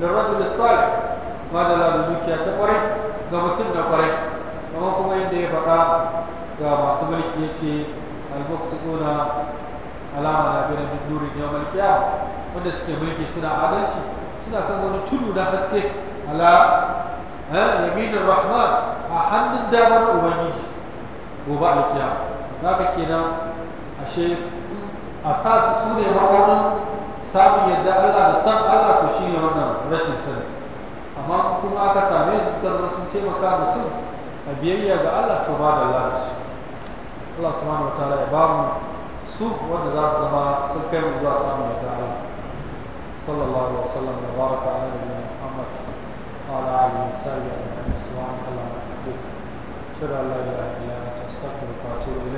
S1: lil rajul salih ma da la dukiya ta kwarai ga mutum da kwarai amma kuma yadda ya faɗa ga masu mulki yace al-muqsiduna alama na bin bin durin yawmal qiyamah wanda suke mulki suna adalci suna kan wani tudu na haske ala yaminin rahman a hannun damar ubangiji gobe alkiyama za ka kenan ashe a sa su ne ma'aunin samun yadda Allah da san Allah shi ne wannan rashin sani amma kuma aka same su suka zama sun taimaka mutum a biyayya ga Allah to ba da Allah su Allah subhanahu wataala ya ba mu su wanda za su zama sun kai mu zuwa samun yadda Allah sallallahu alaihi wasallam baraka ala nabiyina Muhammad wa ala alihi wa
S2: sahbihi wa sallam